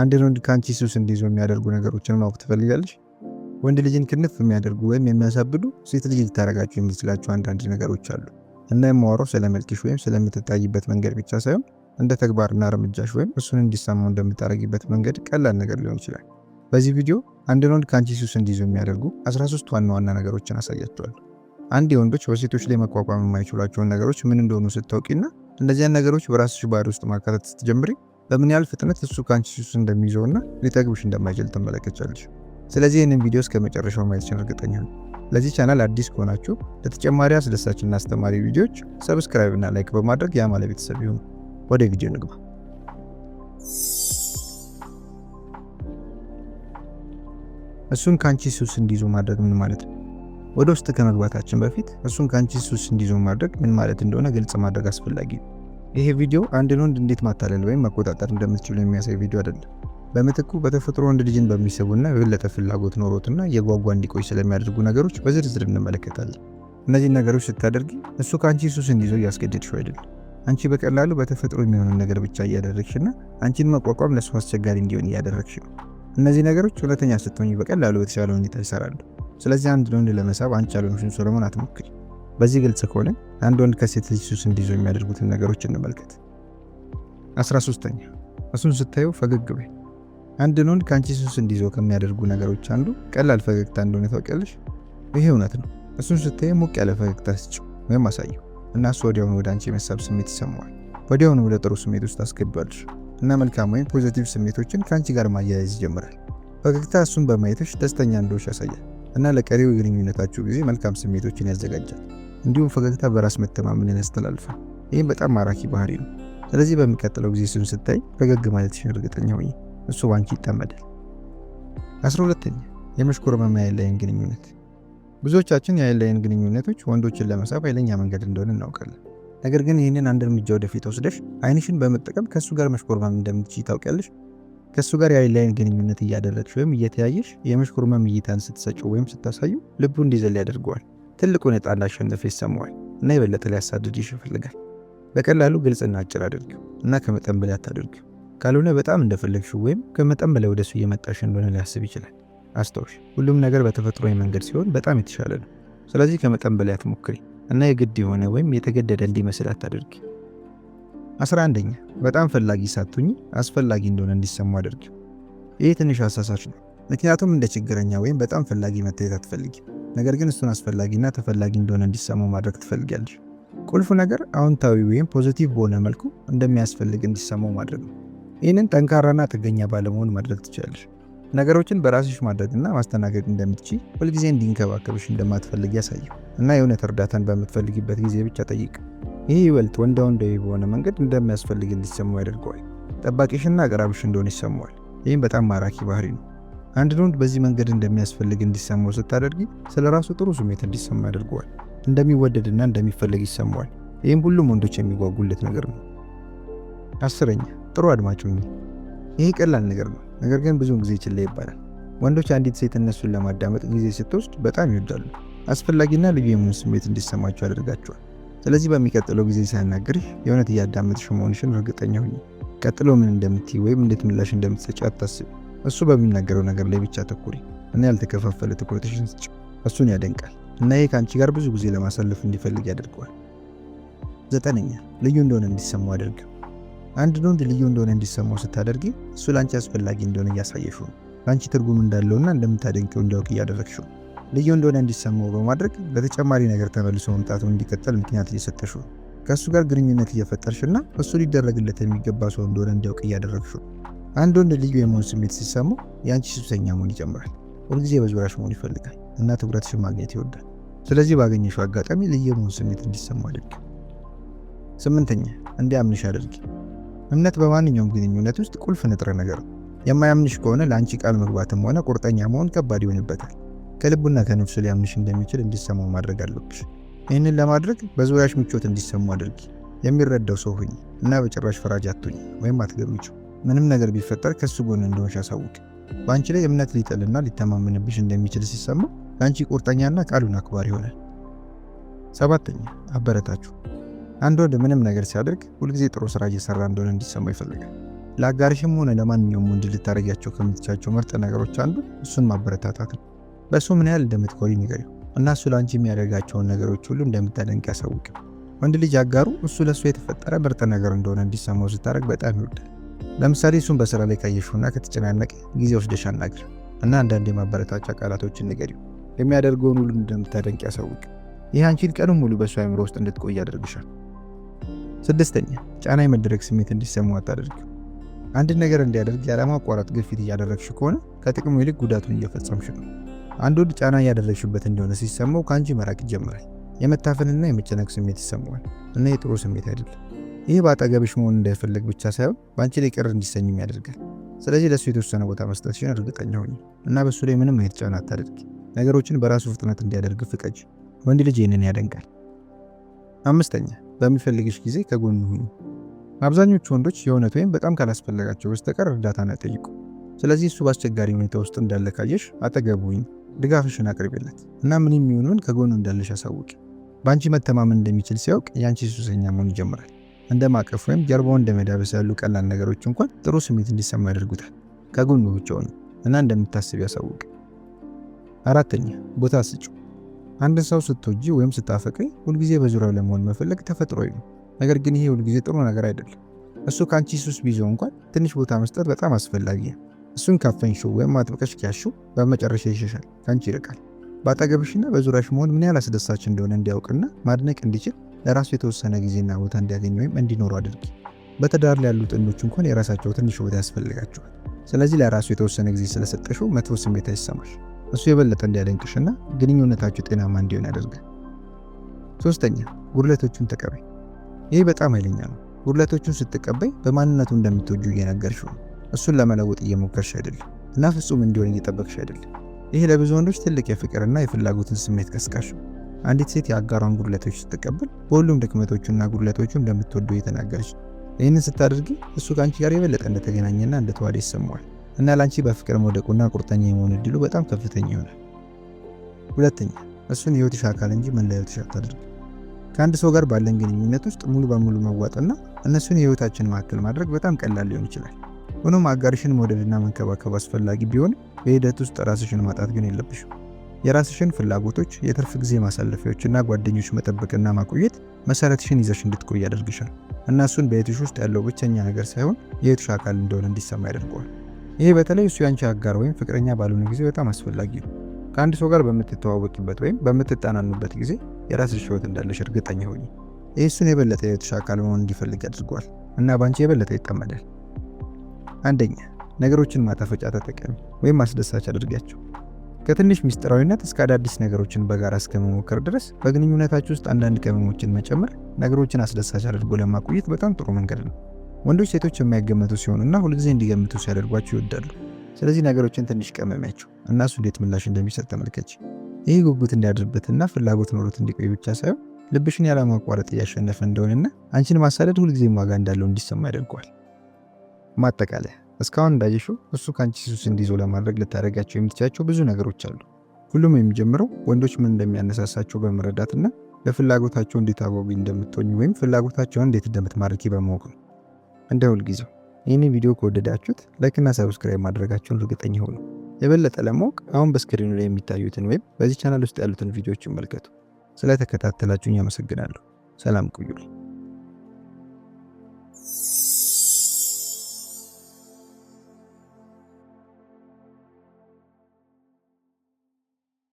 አንድን ወንድ ከአንቺ ሱስ እንዲይዘው የሚያደርጉ ነገሮችን ማወቅ ትፈልጋለች? ወንድ ልጅን ክንፍ የሚያደርጉ ወይም የሚያሳብዱ ሴት ልጅ ልታረጋቸው የምትችላቸው አንዳንድ ነገሮች አሉ እና የማወራው ስለ መልክሽ ወይም ስለምትታይበት መንገድ ብቻ ሳይሆን እንደ ተግባርና እርምጃሽ ወይም እሱን እንዲሰማው እንደምታደርጊበት መንገድ ቀላል ነገር ሊሆን ይችላል። በዚህ ቪዲዮ አንድን ወንድ ከአንቺ ሱስ እንዲይዙ የሚያደርጉ 13 ዋና ዋና ነገሮችን አሳያችኋለሁ። አንድ የወንዶች በሴቶች ላይ መቋቋም የማይችሏቸውን ነገሮች ምን እንደሆኑ ስታውቂና እነዚያን ነገሮች በራስሽ ባህሪ ውስጥ ማካተት ስትጀምሪ በምን ያህል ፍጥነት እሱ ከአንቺ ሱስ እንደሚይዘው እና ሊጠግብሽ እንደማይችል ትመለከቻለሽ። ስለዚህ ይህንን ቪዲዮ እስከ መጨረሻው ማየትሽን እርግጠኛ ለዚህ ቻናል አዲስ ከሆናችሁ ለተጨማሪ አስደሳችና አስተማሪ ቪዲዮዎች ሰብስክራይብ እና ላይክ በማድረግ የአማለ ቤተሰብ ይሁኑ። ወደ ቪዲዮ ንግባ። እሱን ከአንቺ ሱስ ማድረግ ምን ማለት ነው? ወደ ውስጥ ከመግባታችን በፊት እሱን ከአንቺ ሱስ ማድረግ ምን ማለት እንደሆነ ግልጽ ማድረግ አስፈላጊ ነው። ይሄ ቪዲዮ አንድን ወንድ እንዴት ማታለል ወይም መቆጣጠር እንደምትችሉ የሚያሳይ ቪዲዮ አይደለም። በምትኩ በተፈጥሮ ወንድ ልጅን በሚስቡና የበለጠ ፍላጎት ኖሮትና የጓጓ እንዲቆይ ስለሚያደርጉ ነገሮች በዝርዝር እንመለከታለን። እነዚህን ነገሮች ስታደርጊ እሱ ከአንቺ ሱስ እንዲይዘው እያስገደድሽው አይደለም። አንቺ በቀላሉ በተፈጥሮ የሚሆንን ነገር ብቻ እያደረግሽና አንቺን መቋቋም ለሱ አስቸጋሪ እንዲሆን እያደረግሽ ነው። እነዚህ ነገሮች እውነተኛ ስትሆኝ በቀላሉ በተሻለ ሁኔታ ይሰራሉ። ስለዚህ አንድ ወንድ ለመሳብ አንቺ ያልሆንሽን ሶሎሞን አትሞክሪ። በዚህ ግልጽ ከሆነ አንድ ወንድ ከሴት ልጅ ሱስ እንዲይዘው የሚያደርጉትን ነገሮች እንመልከት። ኛ እሱን ስታየው ፈገግ በይ። አንድን ወንድ ከአንቺ ሱስ እንዲይዘው ከሚያደርጉ ነገሮች አንዱ ቀላል ፈገግታ እንደሆነ ታውቂያለሽ። ይሄ እውነት ነው። እሱን ስታየው ሞቅ ያለ ፈገግታ ስጭው ወይም አሳየው እና እሱ ወዲያውኑ ወደ አንቺ የመሳብ ስሜት ይሰማዋል። ወዲያውኑ ወደ ጥሩ ስሜት ውስጥ አስገቢዋለሽ እና መልካም ወይም ፖዚቲቭ ስሜቶችን ከአንቺ ጋር ማያያዝ ይጀምራል። ፈገግታ እሱን በማየትሽ ደስተኛ እንደሆንሽ ያሳያል። እና ለቀሪው የግንኙነታችሁ ጊዜ መልካም ስሜቶችን ያዘጋጃል። እንዲሁም ፈገግታ በራስ መተማመንን ያስተላልፋል። ይህም በጣም ማራኪ ባህሪ ነው። ስለዚህ በሚቀጥለው ጊዜ እሱን ስታይ ፈገግ ማለትሽን እርግጠኛ ሆኚ። እሱ ባንቺ ይጠመዳል። አስራ ሁለተኛ የመሽኮርመም የዓይን ላይን ግንኙነት። ብዙዎቻችን የዓይን ላይን ግንኙነቶች ወንዶችን ለመሳብ ኃይለኛ መንገድ እንደሆነ እናውቃለን። ነገር ግን ይህንን አንድ እርምጃ ወደፊት ወስደሽ አይንሽን በመጠቀም ከእሱ ጋር መሽኮርመም እንደምትችይ ታውቂያለሽ። ከእሱ ጋር የአይን ግንኙነት እያደረግሽ ወይም እየተያየሽ የመሽኮርመም እይታን ስትሰጩ ወይም ስታሳዩ ልቡ እንዲዘል ያደርገዋል። ትልቁ ዕጣ እንዳሸነፈ ይሰማዋል እና የበለጠ ሊያሳድድሽ ይፈልጋል። በቀላሉ ግልጽና አጭር አድርጊው እና ከመጠን በላይ አታድርጊው። ካልሆነ በጣም እንደፈለግሽው ወይም ከመጠን በላይ ወደሱ እየመጣሽ እንደሆነ ሊያስብ ይችላል። አስታውሽ፣ ሁሉም ነገር በተፈጥሯዊ መንገድ ሲሆን በጣም የተሻለ ነው። ስለዚህ ከመጠን በላይ አትሞክሪ እና የግድ የሆነ ወይም የተገደደ እንዲመስል አታደርግ። አስራ አንደኛ በጣም ፈላጊ ሳቱኝ አስፈላጊ እንደሆነ እንዲሰማው አድርጊው። ይህ ትንሽ አሳሳች ነው፣ ምክንያቱም እንደ ችግረኛ ወይም በጣም ፈላጊ መታየት አትፈልጊም። ነገር ግን እሱን አስፈላጊና ተፈላጊ እንደሆነ እንዲሰማው ማድረግ ትፈልጊያለሽ። ቁልፉ ነገር አዎንታዊ ወይም ፖዚቲቭ በሆነ መልኩ እንደሚያስፈልግ እንዲሰማው ማድረግ ነው። ይህንን ጠንካራና ጥገኛ ባለመሆን ማድረግ ትችላለሽ። ነገሮችን በራስሽ ማድረግና ማስተናገድ እንደምትች ሁልጊዜ እንዲንከባከብሽ እንደማትፈልግ ያሳየው እና የእውነት እርዳታን በምትፈልግበት ጊዜ ብቻ ጠይቅ። ይህ ይበልጥ ወንዳ ወንዳዊ በሆነ መንገድ እንደሚያስፈልግ እንዲሰማው ያደርገዋል። ጠባቂሽና አቅራቢሽ እንደሆነ ይሰማዋል። ይህም በጣም ማራኪ ባህሪ ነው። አንድ ወንድ በዚህ መንገድ እንደሚያስፈልግ እንዲሰማው ስታደርጊ ስለ ራሱ ጥሩ ስሜት እንዲሰማ ያደርገዋል። እንደሚወደድና እንደሚፈለግ ይሰማዋል። ይህም ሁሉም ወንዶች የሚጓጉለት ነገር ነው። አስረኛ ጥሩ አድማጭ ሁኚ። ይህ ቀላል ነገር ነው፣ ነገር ግን ብዙውን ጊዜ ችላ ይባላል። ወንዶች አንዲት ሴት እነሱን ለማዳመጥ ጊዜ ስትወስድ በጣም ይወዳሉ። አስፈላጊና ልዩ የመሆን ስሜት እንዲሰማቸው ያደርጋቸዋል። ስለዚህ በሚቀጥለው ጊዜ ሲያናግርሽ የእውነት እያዳመጥሽ መሆንሽን እርግጠኛ ሁኚ። ቀጥሎ ምን እንደምትይ ወይም እንዴት ምላሽ እንደምትሰጪ አታስቢ። እሱ በሚናገረው ነገር ላይ ብቻ ተኩሪ እና ያልተከፋፈለ ትኩረትሽን ስጭ። እሱን ያደንቃል እና ይህ ከአንቺ ጋር ብዙ ጊዜ ለማሳለፍ እንዲፈልግ ያደርገዋል። ዘጠነኛ ልዩ እንደሆነ እንዲሰማው አድርግ። አንድ ወንድ ልዩ እንደሆነ እንዲሰማው ስታደርጊ እሱ ለአንቺ አስፈላጊ እንደሆነ እያሳየሽው ነው። ለአንቺ ትርጉም እንዳለውና እንደምታደንቀው እንዲያውቅ እያደረግሽው ነው። ልዩ እንደሆነ እንዲሰማው በማድረግ ለተጨማሪ ነገር ተመልሶ መምጣቱ እንዲቀጠል ምክንያት እየሰጠሽ ነው። ከእሱ ጋር ግንኙነት እየፈጠርሽ እና እሱ ሊደረግለት የሚገባ ሰው እንደሆነ እንዲያውቅ እያደረግሽ ነው። አንድ ወንድ ልዩ የመሆን ስሜት ሲሰማው የአንቺ ስብሰኛ መሆን ይጨምራል። ሁልጊዜ በዙሪያሽ መሆን ይፈልጋል እና ትኩረትሽን ማግኘት ይወዳል። ስለዚህ ባገኘሽው አጋጣሚ ልዩ የመሆን ስሜት እንዲሰማው አድርጊ። ስምንተኛ እንዲያምንሽ አድርጊ። እምነት በማንኛውም ግንኙነት ውስጥ ቁልፍ ንጥረ ነገር ነው። የማያምንሽ ከሆነ ለአንቺ ቃል መግባትም ሆነ ቁርጠኛ መሆን ከባድ ይሆንበታል። ከልቡና ከነፍሱ ሊያምንሽ እንደሚችል እንዲሰማው ማድረግ አለብሽ። ይህንን ለማድረግ በዙሪያሽ ምቾት እንዲሰሙ አድርጊ። የሚረዳው ሰው ሁኝ እና በጭራሽ ፈራጅ አትሁኝ ወይም አትገምጪው። ምንም ነገር ቢፈጠር ከሱ ጎን እንደሆንሽ አሳውቅ። በአንቺ ላይ እምነት ሊጥልና ሊተማመንብሽ እንደሚችል ሲሰማ ለአንቺ ቁርጠኛና ቃሉን አክባሪ ይሆናል። ሰባተኛ አበረታችሁ። አንድ ወንድ ምንም ነገር ሲያደርግ ሁልጊዜ ጥሩ ስራ እየሰራ እንደሆነ እንዲሰማው ይፈልጋል። ለአጋርሽም ሆነ ለማንኛውም ወንድ ልታደርጊያቸው ከምትቻቸው ምርጥ ነገሮች አንዱ እሱን ማበረታታት ነው። በእሱ ምን ያህል እንደምትኮሪ ንገሪው እና እሱ ለአንቺ የሚያደርጋቸውን ነገሮች ሁሉ እንደምታደንቅ ያሳውቅም። ወንድ ልጅ አጋሩ እሱ ለእሱ የተፈጠረ ምርጥ ነገር እንደሆነ እንዲሰማው ስታደርግ በጣም ይወዳል። ለምሳሌ እሱን በስራ ላይ ካየሽውና ከተጨናነቀ ጊዜ ወስደሽ አናግሪው እና አንዳንድ የማበረታቻ ቃላቶችን ንገሪው። የሚያደርገውን ሁሉ እንደምታደንቅ ያሳውቅ። ይህ አንቺን ቀኑን ሙሉ በእሱ አይምሮ ውስጥ እንድትቆይ ያደርግሻል። ስድስተኛ ጫና የመደረግ ስሜት እንዲሰማው አታደርጊው። አንድ ነገር እንዲያደርግ ያለማቋረጥ ግፊት እያደረግሽ ከሆነ ከጥቅሙ ይልቅ ጉዳቱን እየፈጸምሽ ነው። አንድ ወንድ ጫና እያደረግሽበት እንደሆነ ሲሰማው ከአንቺ መራቅ ይጀምራል። የመታፈንና የመጨነቅ ስሜት ይሰማዋል እና የጥሩ ስሜት አይደለም። ይህ በአጠገብሽ መሆን እንዳይፈለግ ብቻ ሳይሆን በአንቺ ላይ ቅር እንዲሰኝም ያደርጋል። ስለዚህ ለእሱ የተወሰነ ቦታ መስጠት ሲሆን እርግጠኛ ሆኝ እና በእሱ ላይ ምንም አይነት ጫና አታደርግ ነገሮችን በራሱ ፍጥነት እንዲያደርግ ፍቀጅ። ወንድ ልጅ ይህንን ያደንቃል። አምስተኛ በሚፈልግሽ ጊዜ ከጎኑ ሁኚ። አብዛኞቹ ወንዶች የእውነት ወይም በጣም ካላስፈለጋቸው በስተቀር እርዳታን አይጠይቁ። ስለዚህ እሱ በአስቸጋሪ ሁኔታ ውስጥ እንዳለ ካየሽ አጠገቡ ድጋፍሽን አቅርቤለት እና ምን የሚሆነውን ከጎኑ እንዳለሽ አሳውቂ። በአንቺ መተማመን እንደሚችል ሲያውቅ የአንቺ ሱሰኛ መሆን ይጀምራል። እንደ ማቀፍ ወይም ጀርባው እንደ መዳበስ ያሉ ቀላል ነገሮች እንኳን ጥሩ ስሜት እንዲሰማ ያደርጉታል። ከጎኑ ብቻ እና እንደምታስብ ያሳውቅ። አራተኛ ቦታ ስጩ። አንድ ሰው ስትወጂ ወይም ስታፈቅሪ ሁልጊዜ በዙሪያው ለመሆን መፈለግ ተፈጥሯዊ ነው። ነገር ግን ይሄ ሁልጊዜ ጥሩ ነገር አይደለም። እሱ ከአንቺ ሱስ ቢዞ እንኳን ትንሽ ቦታ መስጠት በጣም አስፈላጊ ነው። እሱን ካፈንሽው ወይም አጥብቀሽ ከያዝሽው በመጨረሻ ይሸሻል፣ ከአንቺ ይርቃል። በአጠገብሽና በዙሪያሽ መሆን ምን ያህል አስደሳች እንደሆነ እንዲያውቅና ማድነቅ እንዲችል ለራሱ የተወሰነ ጊዜና ቦታ እንዲያገኝ ወይም እንዲኖሩ አድርጊ። በትዳር ላይ ያሉ ጥንዶች እንኳን የራሳቸው ትንሽ ቦታ ያስፈልጋቸዋል። ስለዚህ ለራሱ የተወሰነ ጊዜ ስለሰጠሽው መጥፎ ስሜት አይሰማሽ። እሱ የበለጠ እንዲያደንቅሽና ግንኙነታቸው ጤናማ እንዲሆን ያደርጋል። ሶስተኛ ጉድለቶቹን ተቀበይ። ይህ በጣም ኃይለኛ ነው። ጉድለቶቹን ስትቀበይ በማንነቱ እንደምትወጁ እየነገርሽው ነው። እሱን ለመለወጥ እየሞከርሽ አይደለም እና ፍጹም እንዲሆን እየጠበቅሽ አይደለም። ይህ ለብዙ ወንዶች ትልቅ የፍቅርና የፍላጎትን ስሜት ቀስቃሽ አንዲት ሴት የአጋሯን ጉድለቶች ስትቀበል በሁሉም ድክመቶቹና ጉድለቶቹ እንደምትወደው እየተናገረች ነው። ይህንን ስታደርጊ እሱ ከአንቺ ጋር የበለጠ እንደተገናኘና እንደተዋደ ይሰማዋል እና ለአንቺ በፍቅር መውደቁና ቁርጠኛ የመሆን እድሉ በጣም ከፍተኛ ይሆናል። ሁለተኛ፣ እሱን የህይወትሽ አካል እንጂ መለያየትሽ አታድርጊ። ከአንድ ሰው ጋር ባለን ግንኙነት ውስጥ ሙሉ በሙሉ መዋጥና እነሱን የህይወታችን ማዕከል ማድረግ በጣም ቀላል ሊሆን ይችላል። ሆኖም አጋርሽን መውደድና መንከባከብ አስፈላጊ ቢሆን በሂደት ውስጥ ራስሽን ማጣት ግን የለብሽም። የራስሽን ፍላጎቶች፣ የትርፍ ጊዜ ማሳለፊያዎችና ጓደኞች መጠበቅና ማቆየት መሰረትሽን ይዘሽ እንድትቆይ ያደርግሻል እና በየትሽ ውስጥ ያለው ብቸኛ ነገር ሳይሆን የየትሽ አካል እንደሆነ እንዲሰማ ያደርገዋል። ይሄ በተለይ እሱ ያንቺ አጋር ወይም ፍቅረኛ ባልሆነ ጊዜ በጣም አስፈላጊ ነው። ከአንድ ሰው ጋር በምትተዋወቅበት ወይም በምትጠናኑበት ጊዜ የራስሽ ህይወት እንዳለሽ እርግጠኛ ሆኚ። ይህ እሱን የበለጠ የሕይወትሽ አካል መሆን እንዲፈልግ አድርጓል እና በአንቺ የበለጠ ይጠመዳል። አንደኛ ነገሮችን ማጣፈጫ ተጠቀሚ ወይም አስደሳች አድርጋቸው። ከትንሽ ምስጢራዊነት እስከ አዳዲስ ነገሮችን በጋራ እስከመሞከር ድረስ በግንኙነታችሁ ውስጥ አንዳንድ ቅመሞችን መጨመር ነገሮችን አስደሳች አድርጎ ለማቆየት በጣም ጥሩ መንገድ ነው። ወንዶች ሴቶች የማይገመቱ ሲሆኑና ሁልጊዜ እንዲገምቱ ሲያደርጓቸው ይወዳሉ። ስለዚህ ነገሮችን ትንሽ ቀመሚያቸው እና እንዴት ምላሽ እንደሚሰጥ ተመልከች። ይህ ጉጉት እንዲያድርበትና ፍላጎት ኖሮት እንዲቆይ ብቻ ሳይሆን ልብሽን ያለማቋረጥ እያሸነፈ እንደሆነና አንቺን ማሳደድ ሁልጊዜም ዋጋ እንዳለው እንዲሰማ ያደርገዋል። ማጠቃለያ እስካሁን እንዳየሽው እሱ ከአንቺ ሱስ ለማድረግ ልታደርጋቸው የምትችላቸው ብዙ ነገሮች አሉ። ሁሉም የሚጀምረው ወንዶች ምን እንደሚያነሳሳቸው በመረዳትና ለፍላጎታቸው እንዴት አጓጊ እንደምትሆኝ ወይም ፍላጎታቸውን እንዴት እንደምትማርኪ በማወቅ ነው። እንደ ሁልጊዜው ይህን ቪዲዮ ከወደዳችሁት ላይክና ሰብስክራይብ ማድረጋቸውን እርግጠኛ ሆኑ። የበለጠ ለማወቅ አሁን በስክሪኑ ላይ የሚታዩትን ወይም በዚህ ቻናል ውስጥ ያሉትን ቪዲዮዎች ይመልከቱ። ስለተከታተላችሁኝ አመሰግናለሁ። ሰላም ቆዩልኝ።